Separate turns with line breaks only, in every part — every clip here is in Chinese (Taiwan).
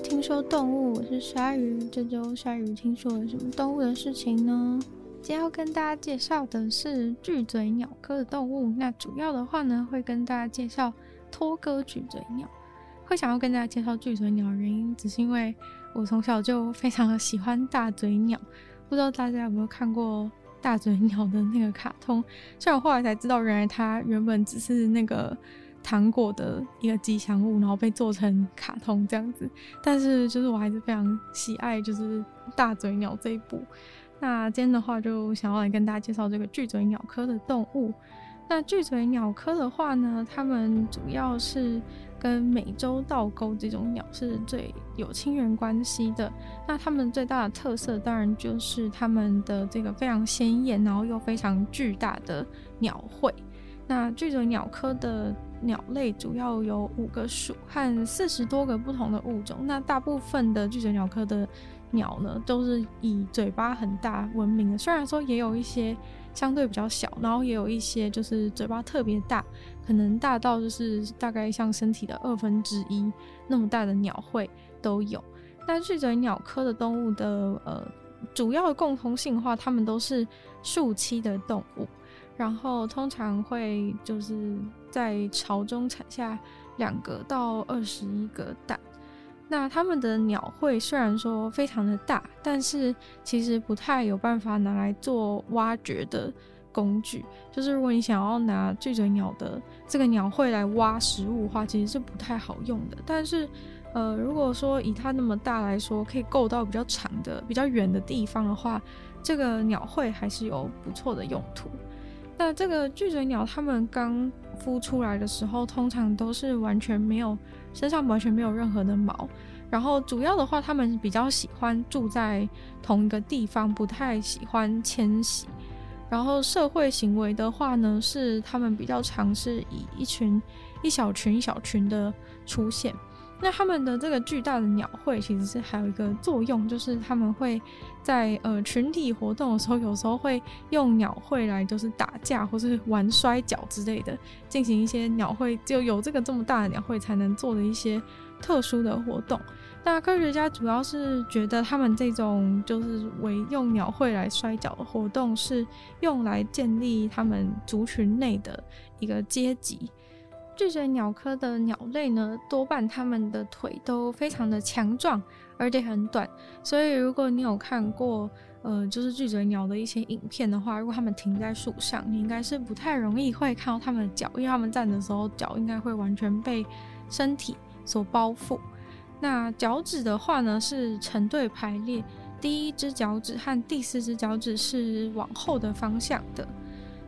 聽說動物，我是鯊魚，這週鯊魚聽說了什麼動物的事情呢？今天要跟大家介紹的是巨嘴鳥科的動物，那主要的話呢會跟大家介紹托哥巨嘴鳥。會想要跟大家介紹巨嘴鳥的原因，只是因為我從小就非常喜歡大嘴鳥，不知道大家有沒有看過大嘴鳥的那個卡通？所以我後來才知道，原來它原本只是那個。糖果的一個吉祥物，然後被做成卡通這樣子。但是，就是我還是非常喜愛就是大嘴鳥這一部。那今天的話，就想要來跟大家介紹這個巨嘴鳥科的動物。那巨嘴鳥科的話呢，它們主要是跟美洲倒鈎這種鳥是最有親緣關係的。那它們最大的特色，當然就是它們的這個非常鮮豔，然後又非常巨大的鳥喙。那巨嘴鳥科的鳥類主要有五個屬和四十多個不同的物種。那大部分的巨嘴鳥科的鳥呢，都是以嘴巴很大聞名的。雖然說也有一些相對比較小，然後也有一些就是嘴巴特別大，可能大到就是大概像身體的二分之一那麼大的鳥喙都有。那巨嘴鳥科的動物的呃主要的共通性的話，它們都是樹棲的動物。然後通常會就是在巢中產下兩顆到二十一顆蛋。那它們的鳥喙雖然說非常的大，但是其實不太有辦法拿來做挖掘的工具。就是如果你想要拿這種鳥的這個鳥喙來挖食物的話，其實是不太好用的。但是呃，如果說以它那麼大來說，可以夠到比較長的、比較遠的地方的話，這個鳥喙還是有不錯的用途。那這個巨嘴鳥，它們剛孵出來的時候，通常都是完全沒有，身上完全沒有任何的毛。然後主要的話，它們比較喜歡住在同一個地方，不太喜歡遷徙。然後社會行為的話呢，是它們比較常是以一群一小群一小群的出現。那他們的這個巨大的鳥喙，其實是還有一個作用，就是他們會在呃群體活動的時候，有時候會用鳥喙來就是打架或是玩摔跤之類的，進行一些鳥喙。就有，有這個這麼大的鳥喙才能做的一些特殊的活動。那科學家主要是覺得他們這種就是為用鳥喙來摔跤的活動是用來建立他們族群內的一個階級。巨嘴鳥科的鳥類呢，多半它們的腿都非常的強壯，而且很短。所以如果你有看過，呃，就是巨嘴鳥的一些影片的話，如果它們停在樹上，你應該是不太容易會看到它們的腳，因為它們站的時候，腳應該會完全被身體所包覆。那腳趾的話呢，是成對排列，第一隻腳趾和第四隻腳趾是往後的方向的。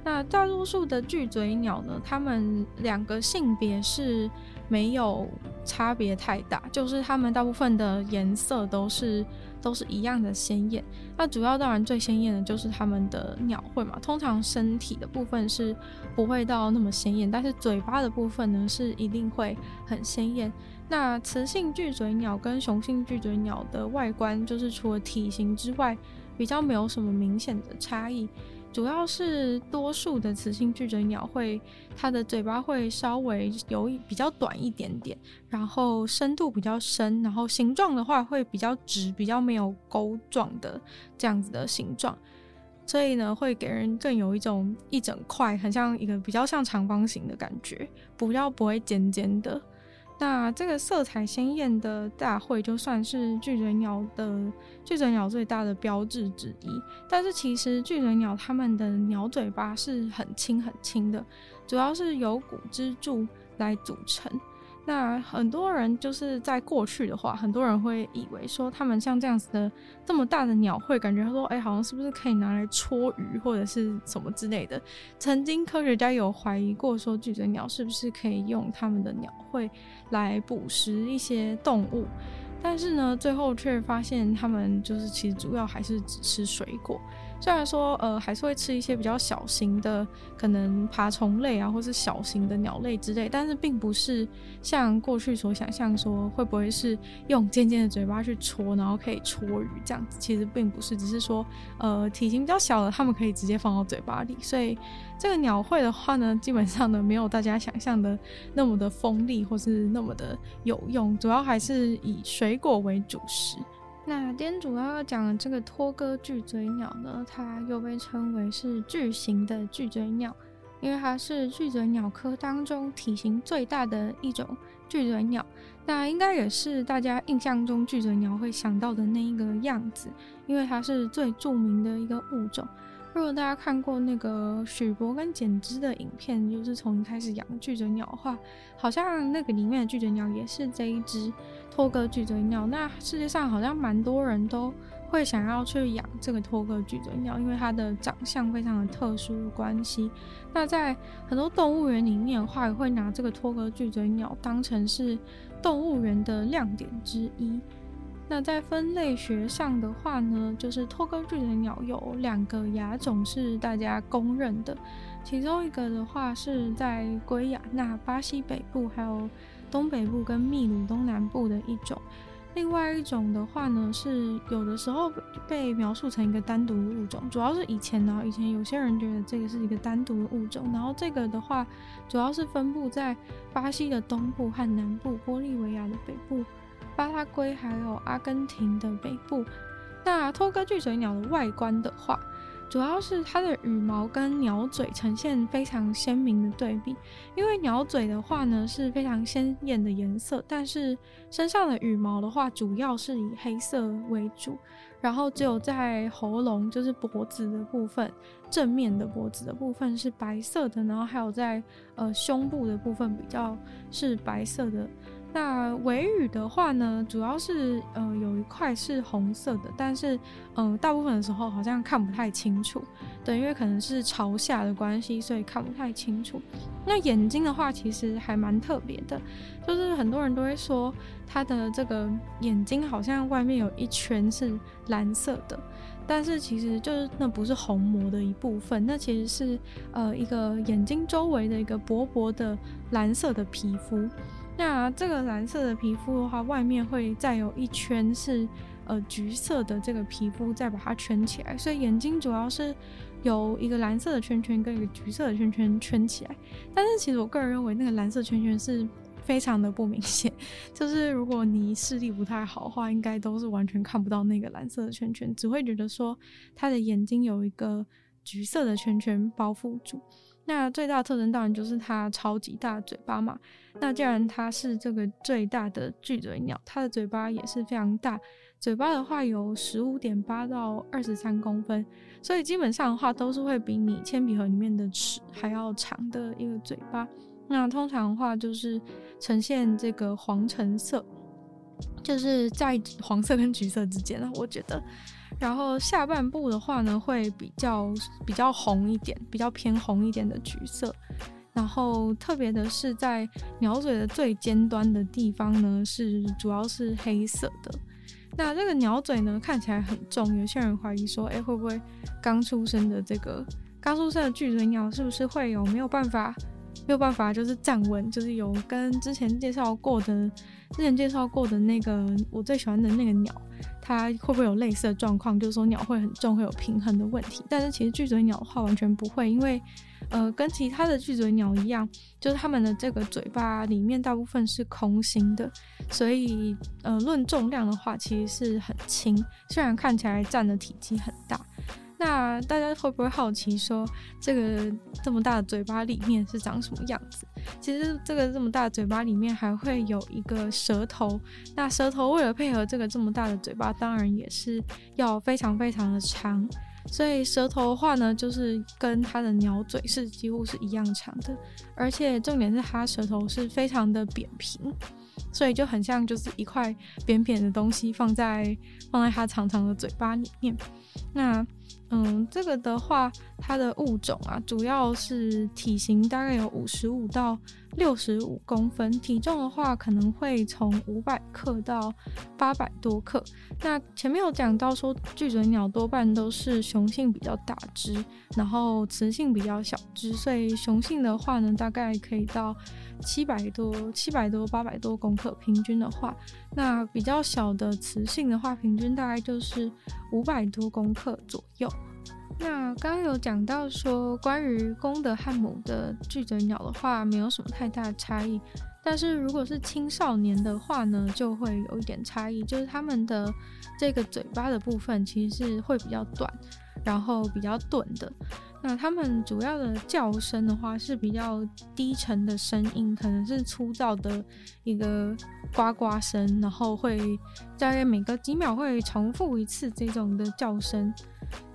那大多數的巨嘴鳥呢，它們兩個性別是沒有差別太大，就是它們大部分的顏色都是都是一樣的鮮艷。那主要當然最鮮艷的就是它們的鳥喙嘛。通常身體的部分是不會到那麼鮮艷，但是嘴巴的部分呢，是一定會很鮮艷。那雌性巨嘴鳥跟雄性巨嘴鳥的外觀，就是除了體型之外，比較沒有什麼明顯的差異。主要是多數的雌性巨嘴鳥會，它的嘴巴會稍微有一比較短一點點，然後深度比較深，然後形狀的話會比較直，比較沒有鈎狀的這樣子的形狀，所以呢會給人更有一種一整塊，很像一個比較像長方形的感覺，不要不會尖尖的。那這個色彩鮮豔的大嘴就算是巨嘴鳥的巨嘴鳥最大的標誌之一，但是其實巨嘴鳥它們的鳥嘴巴是很輕很輕的，主要是由骨支柱來組成。那很多人就是在過去的話，很多人會以為說，他們像這樣子的這麼大的鳥喙感覺說，哎、欸，好像是不是可以拿來戳魚或者是什麼之類的。曾經科學家有懷疑過說，巨嘴鳥是不是可以用他們的鳥喙來捕食一些動物，但是呢，最後卻發現他們就是其實主要還是只吃水果。雖然說，呃，還是會吃一些比較小型的，可能爬蟲類啊，或是小型的鳥類之類，但是並不是像過去所想象說，會不會是用尖尖的嘴巴去戳，然後可以戳魚這樣子，其實並不是，只是說，呃，體型比較小的，它們可以直接放到嘴巴裡。所以這個鳥喙的話呢，基本上呢，沒有大家想象的那麼的鋒利，或是那麼的有用，主要還是以水果為主食。那今天主要要講的這個托哥巨嘴鳥呢，它又被稱為是巨型的巨嘴鳥，因為它是巨嘴鳥科當中體型最大的一種巨嘴鳥。那應該也是大家印象中巨嘴鳥會想到的那一個樣子，因為它是最著名的一個物種。如果大家看過那個許伯跟簡哥的影片，就是從一開始養巨嘴鳥的話，好像那個裡面的巨嘴鳥也是這一隻托哥巨嘴鳥。那世界上好像蠻多人都會想要去養這個托哥巨嘴鳥，因為它的長相非常的特殊的關係。那在很多動物園裡面的話，也會拿這個托哥巨嘴鳥當成是動物園的亮點之一。那在分類學上的話呢，就是托哥巨嘴鳥有兩個亞種是大家公認的，其中一個的話是在圭亞那、巴西北部還有東北部跟秘魯東南部的一種，另外一種的話呢是有的時候被描述成一個單獨物種，主要是以前呢，以前有些人覺得這個是一個單獨的物種，然後這個的話主要是分布在巴西的東部和南部、玻利維亞的北部。巴拉圭還有阿根廷的北部。那托哥巨嘴鳥的外觀的話，主要是它的羽毛跟鳥嘴呈現非常鮮明的對比。因為鳥嘴的話呢是非常鮮豔的顏色，但是身上的羽毛的話主要是以黑色為主，然後只有在喉嚨，就是脖子的部分，正面的脖子的部分是白色的，然後還有在呃胸部的部分比較是白色的。那尾羽的話呢，主要是呃有一塊是紅色的，但是嗯、呃、大部分的時候好像看不太清楚，等於因為可能是朝下的關係，所以看不太清楚。那眼睛的話其實還蠻特別的，就是很多人都會說它的這個眼睛好像外面有一圈是藍色的，但是其實就是那不是虹膜的一部分，那其實是呃一個眼睛周圍的一個薄薄的藍色的皮膚。那這個藍色的皮膚的話，外面會再有一圈是呃橘色的這個皮膚，再把它圈起來。所以眼睛主要是有一個藍色的圈圈跟一個橘色的圈圈圈起來。但是其實我個人認為，那個藍色圈圈是非常的不明顯，就是如果你視力不太好的話，應該都是完全看不到那個藍色的圈圈，只會覺得說他的眼睛有一個。橘色的圈圈包覆住，那最大特徵當然就是它超級大嘴巴嘛。那既然它是這個最大的巨嘴鳥，它的嘴巴也是非常大，嘴巴的話有十五點八到二十三公分，所以基本上的話都是會比你鉛筆盒裡面的尺還要長的一個嘴巴。那通常的話就是呈現這個黃橙色，就是在黃色跟橘色之間了，我覺得。然後下半部的話呢，會比較比較紅一點，比較偏紅一點的橘色。然後特別的是，在鳥嘴的最尖端的地方呢，是主要是黑色的。那這個鳥嘴呢，看起來很重，有些人懷疑說，誒，會不會剛出生的這個剛出生的巨嘴鳥是不是會有沒有辦法？沒有辦法，就是站穩，就是有跟之前介紹過的、之前介紹過的那個我最喜歡的那個鳥，它會不會有類似的狀況？就是說鳥會很重，會有平衡的問題。但是其實巨嘴鳥的話完全不會，因為呃跟其他的巨嘴鳥一樣，就是它們的這個嘴巴裡面大部分是空心的，所以呃論重量的話，其實是很輕，雖然看起來占的體積很大。那大家會不會好奇說，這個這麼大的嘴巴裡面是長什麼樣子？其實這個這麼大的嘴巴裡面還會有一個舌頭。那舌頭為了配合這個這麼大的嘴巴，當然也是要非常非常的長。所以舌頭的話呢，就是跟它的鳥嘴是幾乎是一樣長的，而且重點是它舌頭是非常的扁平。所以就很像，就是一塊扁扁的東西放在放在它長長的嘴巴裡面。那，嗯，這個的話，它的物種啊，主要是體型大概有五十五到六十五公分，體重的話可能會從五百克到八百多克。那前面有講到說，巨嘴鳥多半都是雄性比較大隻，然後雌性比較小隻，所以雄性的話呢，大概可以到七百多、七百多、八百多公克，平均的話，那比較小的雌性的話，平均大概就是五百多公克左右。那剛剛有講到說，關於公的和母的巨嘴鳥的話，沒有什麼太大的差異。但是如果是青少年的話呢，就會有一點差異，就是他們的這個嘴巴的部分其實是會比較短，然後比較鈍的。那它們主要的叫聲的話是比較低沉的聲音，可能是粗糙的一個呱呱聲，然後會在每隔幾秒會重複一次這種的叫聲。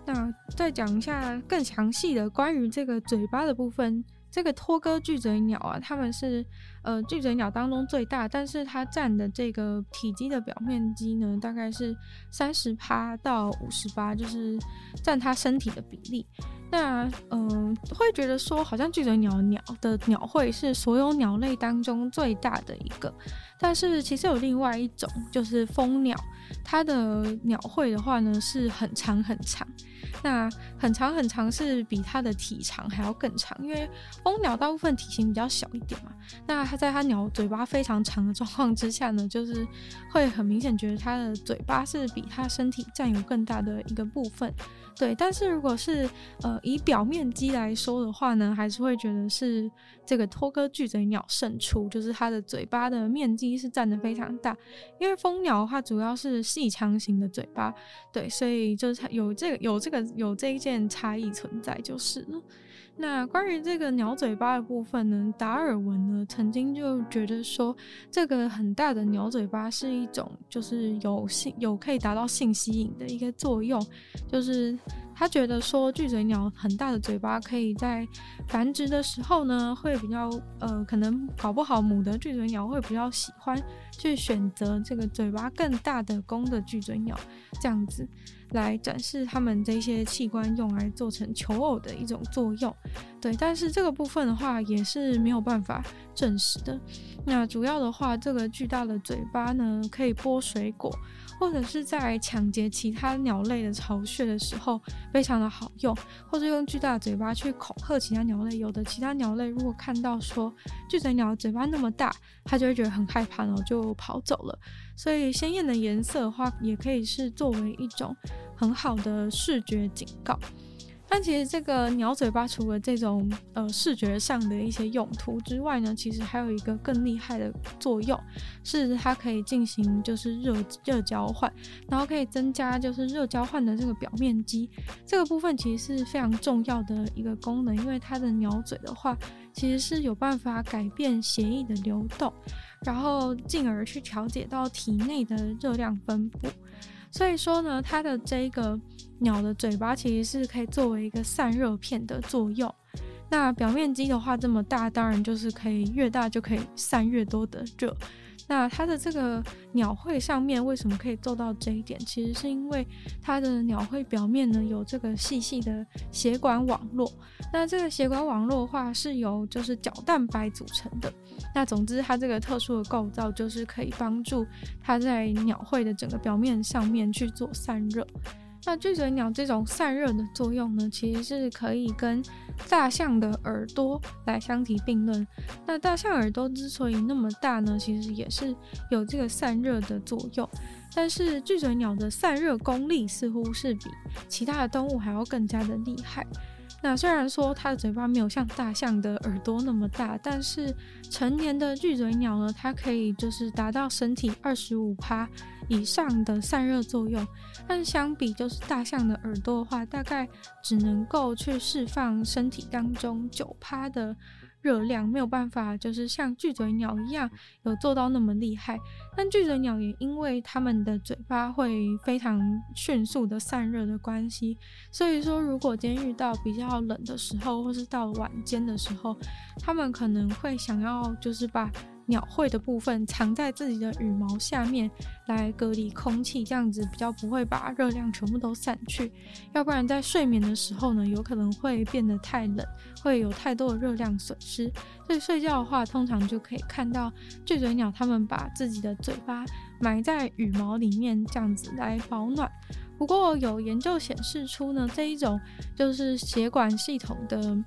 那再講一下更詳細的關於這個嘴巴的部分。這個托哥巨嘴鳥啊，它們是呃巨嘴鳥當中最大，但是它佔的這個體積的表面積呢，大概是三十八到五十八，就是佔它身體的比例。那嗯、呃，會覺得說好像巨嘴鳥鳥的鳥喙是所有鳥類當中最大的一個，但是其實有另外一種，就是蜂鳥，它的鳥喙的話呢是很長很長，那很長很長是比它的體長還要更長，因為蜂鳥大部分體型比較小一點嘛。那它在它鳥嘴巴非常長的狀況之下呢，就是會很明顯覺得它的嘴巴是比它身體占有更大的一個部分。對，但是如果是呃，以表面積來說的話呢，還是會覺得是這個托哥巨嘴鳥勝出，就是它的嘴巴的面積是占的非常大，因為蜂鳥的話主要是細腔型的嘴巴，對，所以就是它有這個有這個有這一件差異存在就是了。那關於這個鳥嘴巴的部分呢，達爾文呢曾經就覺得說，這個很大的鳥嘴巴是一種就是有性、有可以達到性吸引的一個作用，就是他覺得說，巨嘴鳥很大的嘴巴可以在繁殖的時候呢，會比較呃，可能搞不好母的巨嘴鳥會比較喜歡去選擇這個嘴巴更大的公的巨嘴鳥這樣子。來展示它們這些器官用來做成求偶的一種作用，對，但是這個部分的話也是沒有辦法證實的。那主要的話，這個巨大的嘴巴呢，可以剝水果，或者是在搶劫其他鳥類的巢穴的時候非常的好用，或者用巨大的嘴巴去恐嚇其他鳥類。有的其他鳥類如果看到說巨嘴鳥嘴巴那麼大，它就會覺得很害怕，然後就跑走了。所以鮮豔的顏色的話，也可以是作為一種很好的視覺警告。但其實這個鳥嘴巴除了這種呃視覺上的一些用途之外呢，其實還有一個更厲害的作用，是它可以進行就是熱熱交換，然後可以增加就是熱交換的這個表面積。這個部分其實是非常重要的一個功能，因為它的鳥嘴的話。其實是有辦法改變血液的流動，然後進而去調節到體內的熱量分布。所以說呢，它的這個鳥的嘴巴其實是可以作為一個散熱片的作用。那表面積的話，這麼大，當然就是可以越大就可以散越多的熱。那它的這個鳥喙上面為什麼可以做到這一點？其實是因為它的鳥喙表面呢，有這個細細的血管網絡。那這個血管網絡的話，是由就是角蛋白組成的。那總之，它這個特殊的構造就是可以幫助它在鳥喙的整個表面上面去做散熱。那巨嘴鳥這種散熱的作用呢，其實是可以跟大象的耳朵來相提並論。那大象耳朵之所以那麼大呢，其實也是有這個散熱的作用。但是巨嘴鳥的散熱功力似乎是比其他的動物還要更加的厲害。那雖然說它的嘴巴沒有像大象的耳朵那麼大，但是成年的巨嘴鳥呢，它可以就是達到身體二十五趴，以上的散熱作用，但相比就是大象的耳朵的話，大概只能夠去釋放身體當中九趴的熱量，沒有辦法就是像巨嘴鳥一樣有做到那麼厲害。但巨嘴鳥也因為它們的嘴巴會非常迅速的散熱的關係，所以說如果今天遇到比較冷的時候，或是到晚間的時候，它們可能會想要就是把鳥喙的部分藏在自己的羽毛下面，來隔離空氣，這樣子比較不會把熱量全部都散去。要不然在睡眠的時候呢，有可能會變得太冷，會有太多的熱量損失。所以睡覺的話，通常就可以看到巨嘴鳥它們把自己的嘴巴埋在羽毛裡面，這樣子來保暖。不過有研究顯示出呢，這一種就是血管系統的。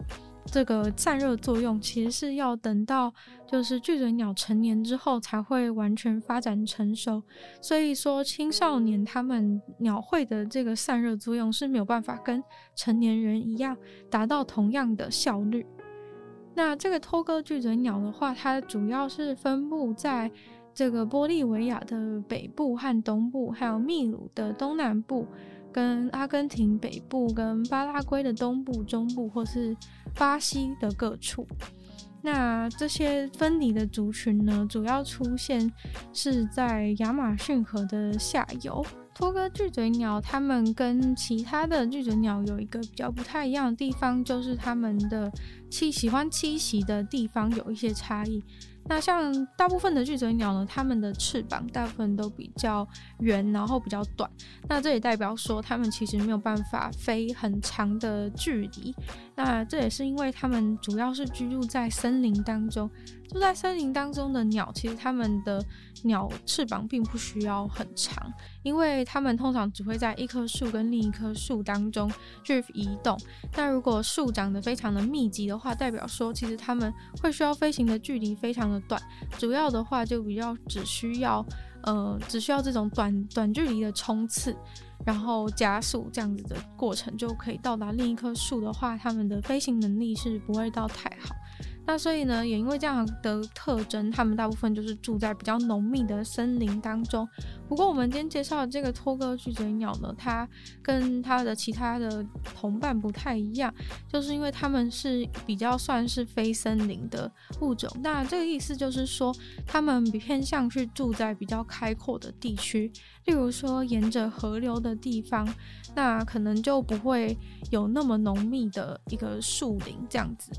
這個散熱作用其實是要等到就是巨嘴鳥成年之後才會完全發展成熟，所以說青少年他們鳥喙的這個散熱作用是沒有辦法跟成年人一樣達到同樣的效率。那這個托哥巨嘴鳥的話，它主要是分布在這個玻利維亞的北部和東部，還有秘魯的東南部，跟阿根廷北部，跟巴拉圭的東部、中部，或是巴西的各處，那這些分離的族群呢，主要出現是在亞馬遜河的下游。托哥巨嘴鳥，它們跟其他的巨嘴鳥有一個比較不太一樣的地方，就是它們的棲息、喜歡棲息的地方有一些差異。那像大部分的巨嘴鳥呢，它們的翅膀大部分都比較圓，然後比較短。那這也代表說，它們其實沒有辦法飛很長的距離。那這也是因為它們主要是居住在森林當中。住在森林當中的鳥，其實它們的鳥翅膀並不需要很長，因為它們通常只會在一棵樹跟另一棵樹當中去移動。那如果樹長得非常的密集的話，代表說其實它們會需要飛行的距離非常的短，主要的話就比較只需要，呃，只需要這種短短距離的衝刺，然後加速這樣子的過程就可以到達另一棵樹的話，它們的飛行能力是不會到太好。那所以呢，也因為這樣的特徵，它們大部分就是住在比較濃密的森林當中。不過，我們今天介紹的這個托哥巨嘴鳥呢，它跟它的其他的同伴不太一樣，就是因為他們是比較算是非森林的物種。那這個意思就是說，它們比偏向去住在比較開闊的地區，例如說沿着河流的地方，那可能就不會有那麼濃密的一個樹林這樣子。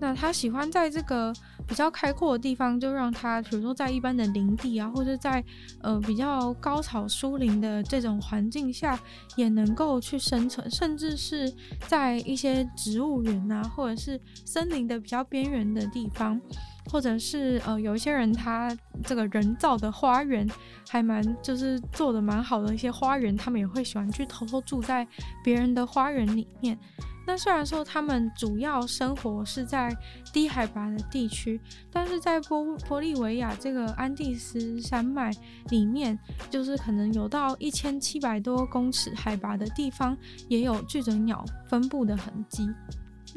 那它喜歡在這個比較開闊的地方，就讓它，比如說在一般的林地啊，或者在呃比較高草疏林的這種環境下，也能夠去生存，甚至是在一些植物園啊，或者是森林的比較邊緣的地方。或者是呃，有一些人他這個人造的花園還蠻，就是做的蠻好的一些花園，他們也會喜歡去偷偷住在別人的花園裡面。那雖然說他們主要生活是在低海拔的地區，但是在玻利維亞這個安第斯山脈裡面，就是可能有到一千七百多公尺海拔的地方，也有巨嘴鳥分布的痕跡。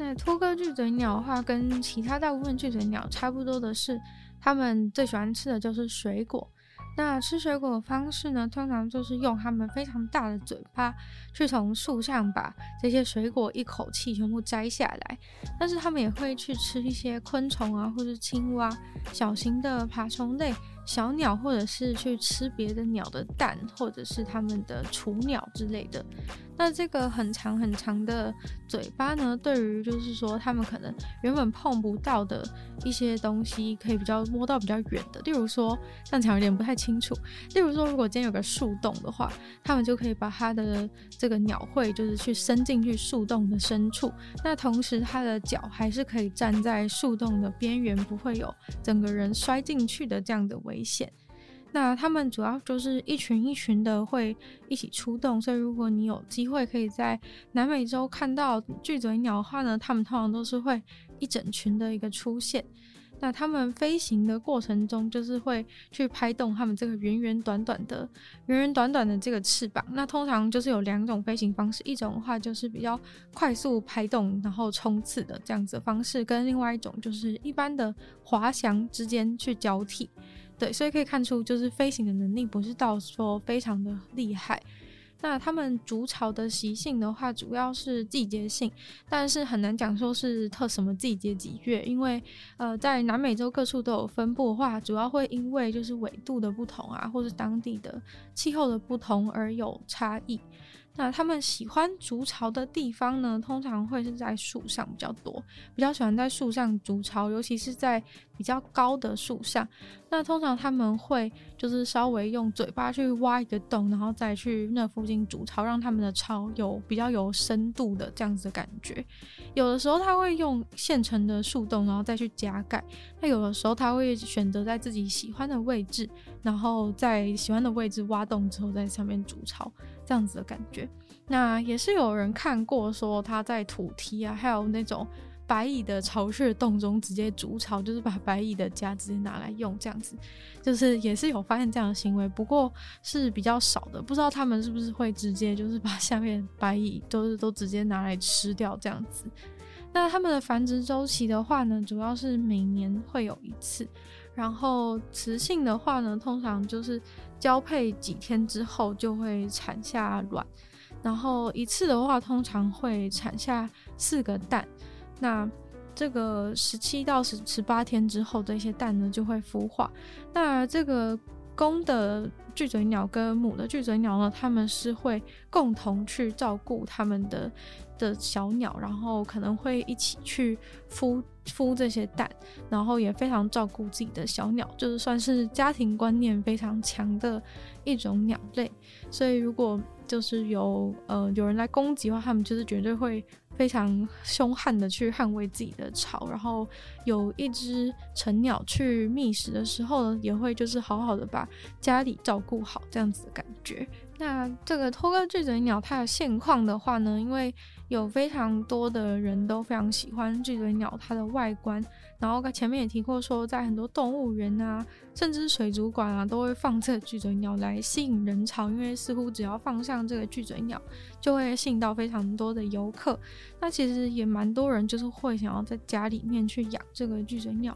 那托哥巨嘴鳥的話，跟其他大部分巨嘴鳥差不多的是，它們最喜歡吃的就是水果。那吃水果的方式呢，通常就是用它們非常大的嘴巴，去從樹上把這些水果一口氣全部摘下來。但是它們也會去吃一些昆蟲啊，或者青蛙、小型的爬蟲類。小鳥，或者是去吃別的鳥的蛋，或者是它們的雛鳥之類的。那這個很長很長的嘴巴呢，對於就是說，他們可能原本碰不到的一些東西，可以比較摸到比較遠的。例如說，像牆有點不太清楚。例如說，如果今天有個樹洞的話，他們就可以把它的這個鳥喙，就是去伸進去樹洞的深處。那同時，它的腳還是可以站在樹洞的邊緣，不會有整個人摔進去的這樣的。危險。那他們主要就是一群一群的會一起出動，所以如果你有機會可以在南美洲看到巨嘴鳥的話呢，他們通常都是會一整群的一個出現。那他們飛行的過程中，就是會去拍動他們這個圓圓短短的、圓圓短短的這個翅膀。那通常就是有兩種飛行方式，一種的話就是比較快速拍動然後衝刺的這樣子的方式，跟另外一種就是一般的滑翔之間去交替。對，所以可以看出，就是飛行的能力不是到說非常的厲害。那他們築巢的習性的話，主要是季節性，但是很難講說是特什麼季節幾月，因為呃，在南美洲各處都有分布的話，主要會因為就是緯度的不同啊，或是當地的氣候的不同而有差異。那他們喜歡築巢的地方呢？通常會是在樹上比較多，比較喜歡在樹上築巢，尤其是在比較高的樹上。那通常他們會就是稍微用嘴巴去挖一個洞，然後再去那附近築巢，讓他們的巢有比較有深度的這樣子的感覺。有的時候他會用現成的樹洞，然後再去加蓋。那有的時候他會選擇在自己喜歡的位置，然後在喜歡的位置挖洞之後，在上面築巢。這樣子的感覺，那也是有人看過說他在土梯啊，還有那種白蟻的巢穴洞中直接築巢，就是把白蟻的家直接拿來用，這樣子，就是也是有發現這樣的行為，不過是比較少的，不知道他們是不是會直接就是把下面白蟻都是都直接拿來吃掉這樣子。那他們的繁殖周期的話呢，主要是每年會有一次。然後雌性的話呢，通常就是交配幾天之後就會產下卵，然後一次的話通常會產下四個蛋。那這個十七到十十八天之後，這些蛋呢就會孵化。那這個公的巨嘴鳥跟母的巨嘴鳥呢，它們是會共同去照顧它們的的小鳥，然後可能會一起去孵。孵這些蛋，然後也非常照顧自己的小鳥，就是算是家庭觀念非常強的一種鳥類。所以如果就是有呃有人來攻擊的話，它們就是絕對會非常兇悍的去捍衛自己的巢。然後有一隻成鳥去覓食的時候呢，也會就是好好的把家裡照顧好，這樣子的感覺。那這個托哥巨嘴鳥它的現況的話呢，因為有非常多的人都非常喜歡巨嘴鳥它的外觀，然後前面也提過說，在很多動物園啊，甚至水族館啊，都會放這個巨嘴鳥來吸引人潮，因為似乎只要放上這個巨嘴鳥，就會吸引到非常多的遊客。那其實也蠻多人就是會想要在家裡面去養這個巨嘴鳥。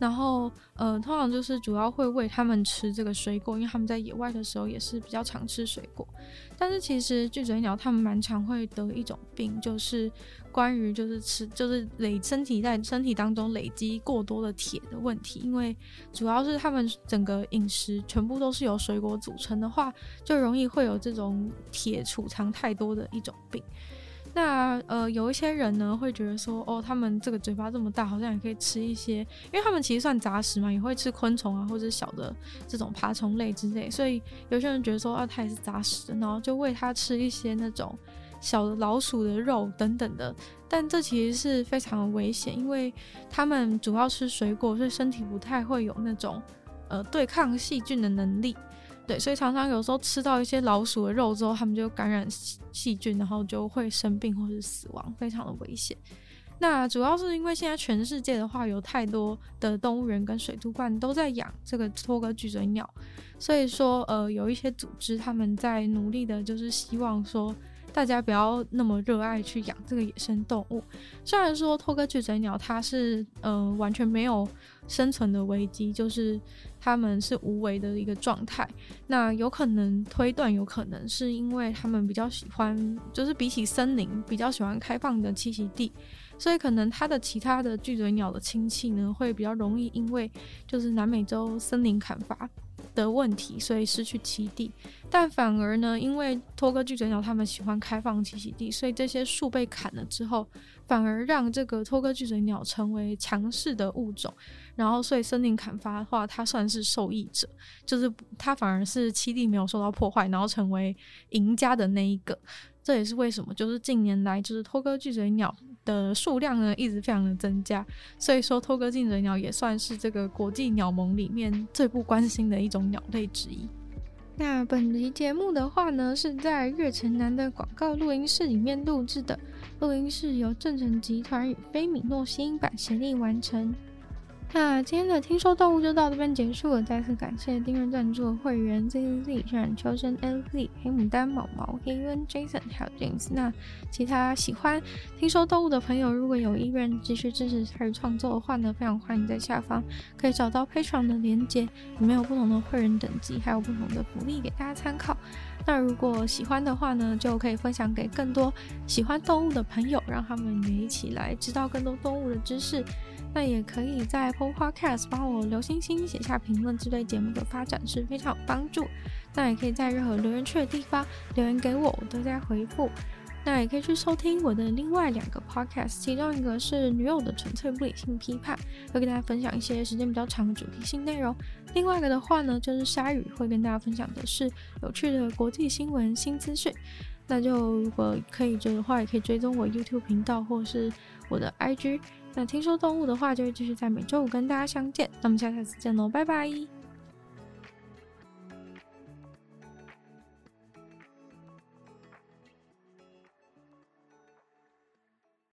然後，呃，通常就是主要會餵他們吃這個水果，因為他們在野外的時候也是比較常吃水果。但是其實巨嘴鳥他們蠻常會得一種病，就是關於就是吃就是累身體，在身體當中累積過多的鐵的問題，因為主要是他們整個飲食全部都是由水果組成的話，就容易會有這種鐵儲藏太多的一種病。那呃，有一些人呢會覺得說，哦，他們這個嘴巴這麼大，好像也可以吃一些，因為他們其實算雜食嘛，也會吃昆蟲啊，或者小的這種爬蟲類之類，所以有些人覺得說，啊，它也是雜食的，然後就餵它吃一些那種小的老鼠的肉等等的，但這其實是非常的危險，因為他們主要吃水果，所以身體不太會有那種呃，對抗細菌的能力。對，所以常常有時候吃到一些老鼠的肉之後，他們就感染細細菌，然後就會生病或是死亡，非常的危險。那主要是因為現在全世界的話，有太多的動物園跟水族館都在養這個托哥巨嘴鳥，所以說呃，有一些組織他們在努力的，就是希望說大家不要那麼熱愛去養這個野生動物。雖然說托哥巨嘴鳥，它是嗯完全沒有生存的危機，就是它們是無危的一個狀態。那有可能推斷，有可能是因為它們比較喜歡，就是比起森林，比較喜歡開放的棲息地。所以可能它的其他的巨嘴鳥的親戚呢，會比較容易因為就是南美洲森林砍伐的問題，所以失去棲地。但反而呢，因為托哥巨嘴鳥他們喜歡開放棲息地，所以這些樹被砍了之後，反而讓這個托哥巨嘴鳥成為強勢的物種。然後所以森林砍伐的話，它算是受益者，就是它反而是棲地沒有受到破壞，然後成為贏家的那一個。這也是為什麼，就是近年來，就是托哥巨嘴鳥的數量呢，一直非常的增加。所以說，托哥巨嘴鳥也算是這個國際鳥盟裡面最不關心的一種鳥類之一。那本集節目的話呢，是在樂城南的廣告錄音室裡面錄製的，錄音室由正成集團與菲米諾新版協力完成。那今天的聽說動物就到這邊結束了。再次感謝訂閱、贊助、會員這 Z Z Z，秋生 L Z，黑牡丹毛毛，Even Jason，還有 James。那其他喜歡聽說動物的朋友，如果有意願繼續支持鯊魚創作的話呢，非常歡迎在下方可以找到 Patreon 的連結，裡面有不同的會員等級，還有不同的福利給大家參考。那如果喜歡的話呢，就可以分享給更多喜歡動物的朋友，讓他們也一起來知道更多動物的知識。那也可以在 Apple Podcast 幫我留星星、寫下評論，這類節目的發展是非常有幫助。那也可以在任何留言區的地方留言給我，我都在回復。那也可以去收聽我的另外兩個 podcast，其中一個是女友的純粹不理性批判，會跟大家分享一些時間比較長的主題性內容；另外一個的話呢，就是鯊魚會跟大家分享的是有趣的國際新聞新資訊。那就如果可以追的話，也可以追蹤我 YouTube 頻道或是我的 IG。那聽說動物的話，就會繼續在每周五跟大家相見。那我們下下次見嘍，拜拜。